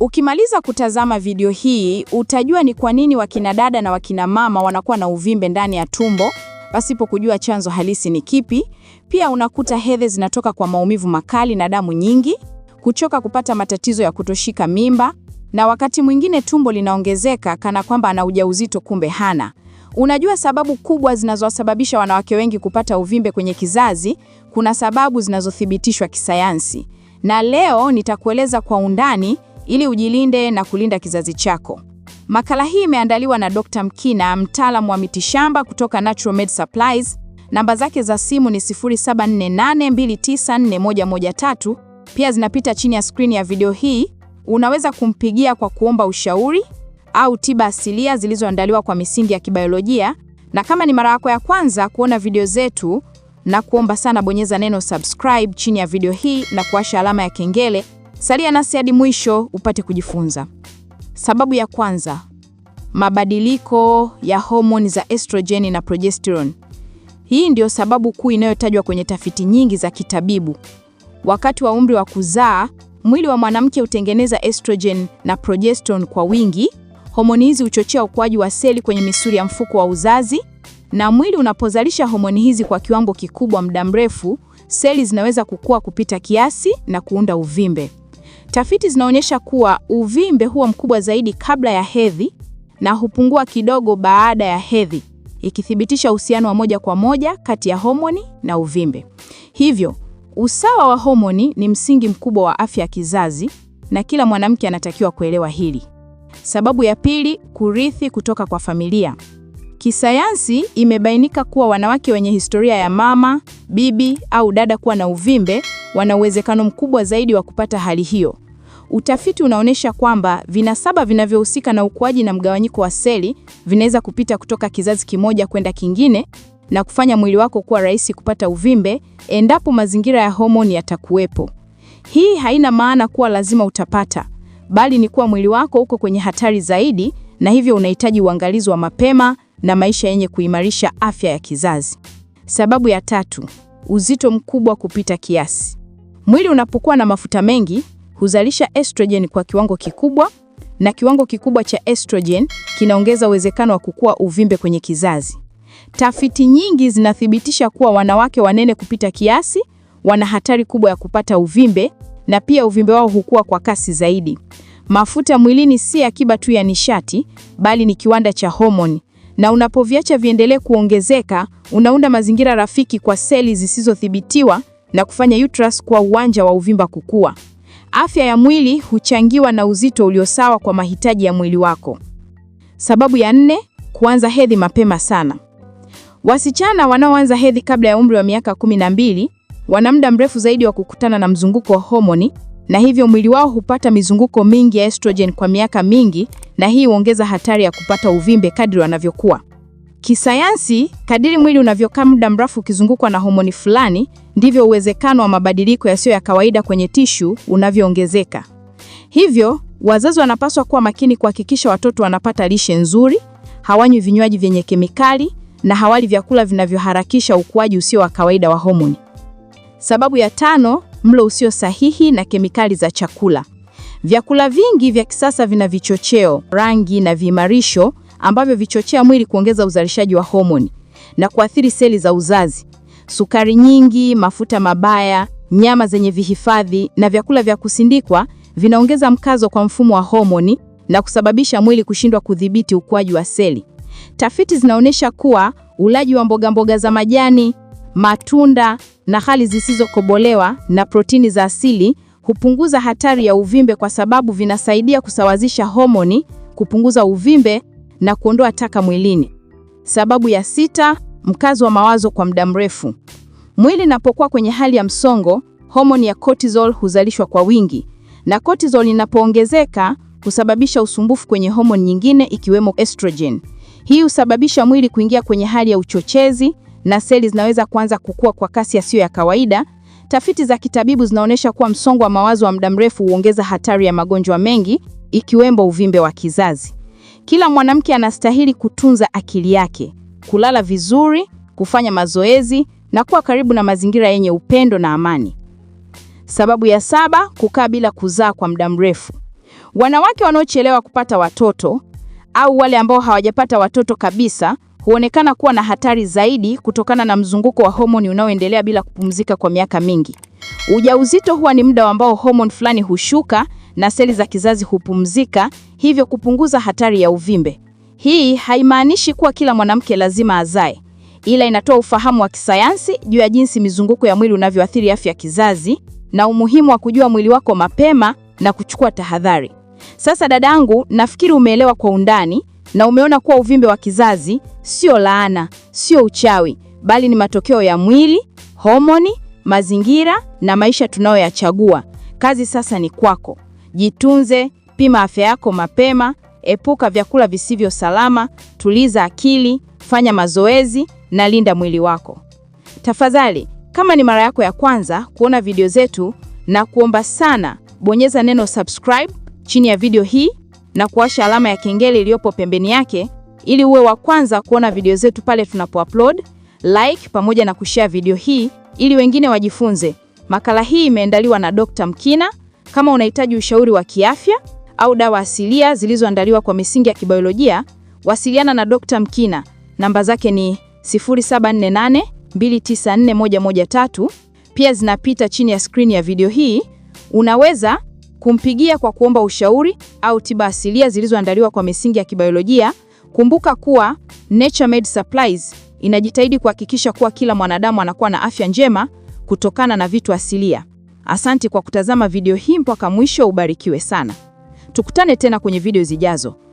Ukimaliza kutazama video hii utajua ni kwa nini wakina dada na wakina mama wanakuwa na uvimbe ndani ya tumbo pasipo kujua chanzo halisi ni kipi. Pia unakuta hedhi zinatoka kwa maumivu makali na damu nyingi, kuchoka, kupata matatizo ya kutoshika mimba, na wakati mwingine tumbo linaongezeka kana kwamba ana ujauzito, kumbe hana. Unajua sababu kubwa zinazowasababisha wanawake wengi kupata uvimbe kwenye kizazi. Kuna sababu zinazothibitishwa kisayansi, na leo nitakueleza kwa undani ili ujilinde na kulinda kizazi chako. Makala hii imeandaliwa na Dr. Mkina, mtaalamu wa mitishamba kutoka Natural Med Supplies. Namba zake za simu ni 0748294113, pia zinapita chini ya skrini ya video hii. Unaweza kumpigia kwa kuomba ushauri au tiba asilia zilizoandaliwa kwa misingi ya kibiolojia. Na kama ni mara yako ya kwanza kuona video zetu, na kuomba sana bonyeza neno subscribe chini ya video hii na kuwasha alama ya kengele Salia nasi hadi mwisho upate kujifunza. Sababu ya kwanza, mabadiliko ya homoni za estrogen na progesterone. Hii ndio sababu kuu inayotajwa kwenye tafiti nyingi za kitabibu. Wakati wa umri wa kuzaa, mwili wa mwanamke hutengeneza estrogen na progesterone kwa wingi. Homoni hizi huchochea ukuaji wa seli kwenye misuli ya mfuko wa uzazi, na mwili unapozalisha homoni hizi kwa kiwango kikubwa muda mrefu, seli zinaweza kukua kupita kiasi na kuunda uvimbe. Tafiti zinaonyesha kuwa uvimbe huwa mkubwa zaidi kabla ya hedhi na hupungua kidogo baada ya hedhi, ikithibitisha uhusiano wa moja kwa moja kati ya homoni na uvimbe. Hivyo, usawa wa homoni ni msingi mkubwa wa afya ya kizazi na kila mwanamke anatakiwa kuelewa hili. Sababu ya pili, kurithi kutoka kwa familia. Kisayansi imebainika kuwa wanawake wenye historia ya mama, bibi au dada kuwa na uvimbe wana uwezekano mkubwa zaidi wa kupata hali hiyo. Utafiti unaonyesha kwamba vinasaba vinavyohusika na ukuaji na mgawanyiko wa seli vinaweza kupita kutoka kizazi kimoja kwenda kingine na kufanya mwili wako kuwa rahisi kupata uvimbe endapo mazingira ya homoni yatakuwepo. Hii haina maana kuwa lazima utapata, bali ni kuwa mwili wako uko kwenye hatari zaidi na hivyo unahitaji uangalizi wa mapema na maisha yenye kuimarisha afya ya kizazi. Sababu ya tatu, uzito mkubwa kupita kiasi. Mwili unapokuwa na mafuta mengi huzalisha estrogen kwa kiwango kikubwa, na kiwango kikubwa cha estrogen kinaongeza uwezekano wa kukua uvimbe kwenye kizazi. Tafiti nyingi zinathibitisha kuwa wanawake wanene kupita kiasi wana hatari kubwa ya kupata uvimbe na pia uvimbe wao hukua kwa kasi zaidi. Mafuta mwilini si akiba tu ya nishati, bali ni kiwanda cha homoni na unapoviacha viendelee kuongezeka, unaunda mazingira rafiki kwa seli zisizothibitiwa na kufanya uterus kwa uwanja wa uvimba kukua. Afya ya mwili huchangiwa na uzito uliosawa kwa mahitaji ya mwili wako. Sababu ya nne, kuanza hedhi mapema sana. Wasichana wanaoanza hedhi kabla ya umri wa miaka 12 wana muda mrefu zaidi wa kukutana na mzunguko wa homoni na hivyo mwili wao hupata mizunguko mingi ya estrogen kwa miaka mingi, na hii huongeza hatari ya kupata uvimbe kadri wanavyokuwa. Kisayansi, kadiri mwili unavyokaa muda mrefu ukizungukwa na homoni fulani, ndivyo uwezekano wa mabadiliko yasiyo ya kawaida kwenye tishu unavyoongezeka. Hivyo wazazi wanapaswa kuwa makini kuhakikisha watoto wanapata lishe nzuri, hawanywi vinywaji vyenye kemikali na hawali vyakula vinavyoharakisha ukuaji usio wa kawaida wa homoni. Sababu ya tano mlo usio sahihi na kemikali za chakula. Vyakula vingi vya kisasa vina vichocheo, rangi na viimarisho ambavyo vichochea mwili kuongeza uzalishaji wa homoni na kuathiri seli za uzazi. Sukari nyingi, mafuta mabaya, nyama zenye vihifadhi na vyakula vya kusindikwa vinaongeza mkazo kwa mfumo wa homoni na kusababisha mwili kushindwa kudhibiti ukuaji wa seli. Tafiti zinaonyesha kuwa ulaji wa mboga mboga za majani matunda na hali zisizokobolewa na protini za asili hupunguza hatari ya uvimbe kwa sababu vinasaidia kusawazisha homoni, kupunguza uvimbe na kuondoa taka mwilini. Sababu ya sita, mkazo wa mawazo kwa muda mrefu. Mwili inapokuwa kwenye hali ya msongo, homoni ya cortisol huzalishwa kwa wingi, na cortisol inapoongezeka husababisha usumbufu kwenye homoni nyingine ikiwemo estrogen. Hii husababisha mwili kuingia kwenye hali ya uchochezi na seli zinaweza kuanza kukua kwa kasi isiyo ya kawaida. Tafiti za kitabibu zinaonyesha kuwa msongo wa mawazo wa muda mrefu huongeza hatari ya magonjwa mengi ikiwemo uvimbe wa kizazi. Kila mwanamke anastahili kutunza akili yake, kulala vizuri, kufanya mazoezi na kuwa karibu na mazingira yenye upendo na amani. Sababu ya saba, kukaa bila kuzaa kwa muda mrefu. Wanawake wanaochelewa kupata watoto au wale ambao hawajapata watoto kabisa huonekana kuwa na hatari zaidi kutokana na mzunguko wa homoni unaoendelea bila kupumzika kwa miaka mingi. Ujauzito huwa ni muda ambao homoni fulani hushuka na seli za kizazi hupumzika, hivyo kupunguza hatari ya uvimbe. Hii haimaanishi kuwa kila mwanamke lazima azae, ila inatoa ufahamu wa kisayansi juu ya jinsi mizunguko ya mwili unavyoathiri afya ya kizazi na umuhimu wa kujua mwili wako mapema na kuchukua tahadhari. Sasa dadangu, nafikiri umeelewa kwa undani na umeona kuwa uvimbe wa kizazi sio laana, sio uchawi, bali ni matokeo ya mwili, homoni, mazingira na maisha tunayoyachagua. Kazi sasa ni kwako. Jitunze, pima afya yako mapema, epuka vyakula visivyo salama, tuliza akili, fanya mazoezi na linda mwili wako. Tafadhali, kama ni mara yako ya kwanza kuona video zetu, na kuomba sana bonyeza neno subscribe chini ya video hii na kuwasha alama ya kengele iliyopo pembeni yake ili uwe wa kwanza kuona video zetu pale tunapo upload, like pamoja na kushare video hii ili wengine wajifunze. Makala hii imeandaliwa na Dr. Mkina. Kama unahitaji ushauri wa kiafya au dawa asilia zilizoandaliwa kwa misingi ya kibiolojia, wasiliana na Dr. Mkina. Namba zake ni 0748294113. pia zinapita chini ya screen ya video hii. Unaweza kumpigia kwa kuomba ushauri au tiba asilia zilizoandaliwa kwa misingi ya kibiolojia Kumbuka kuwa Naturemed Supplies inajitahidi kuhakikisha kuwa kila mwanadamu anakuwa na afya njema kutokana na vitu asilia. Asante kwa kutazama video hii mpaka mwisho, ubarikiwe sana. Tukutane tena kwenye video zijazo.